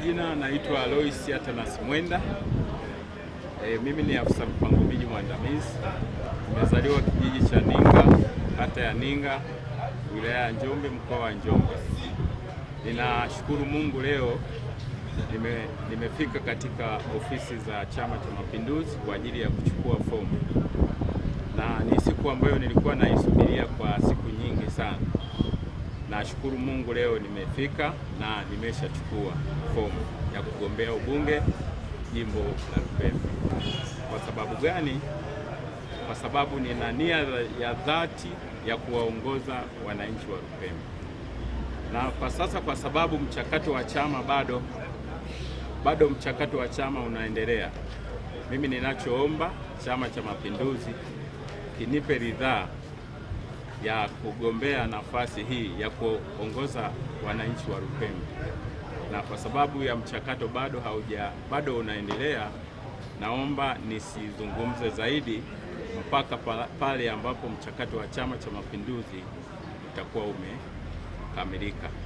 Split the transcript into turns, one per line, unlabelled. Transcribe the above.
majina naitwa Alois Atanas Mwenda. E, mimi ni afisa mpango miji mwandamizi. Nimezaliwa kijiji cha Ninga, kata ya Ninga, wilaya ya Njombe, mkoa wa Njombe. Ninashukuru Mungu leo nime, nimefika katika ofisi za Chama cha Mapinduzi kwa ajili ya kuchukua fomu, na ni siku ambayo nilikuwa naisubiria kwa siku nyingi sana. Nashukuru Mungu leo nimefika na nimeshachukua fomu ya kugombea ubunge jimbo la Lupembe. Kwa sababu gani? Kwa sababu nina nia ya dhati ya kuwaongoza wananchi wa Lupembe, na kwa sasa, kwa sababu mchakato wa chama bado bado mchakato wa chama unaendelea, mimi ninachoomba Chama cha Mapinduzi kinipe ridhaa ya kugombea nafasi hii ya kuongoza wananchi wa Rupembe, na kwa sababu ya mchakato bado hauja bado unaendelea, naomba nisizungumze zaidi mpaka pale ambapo mchakato wa Chama cha Mapinduzi utakuwa umekamilika.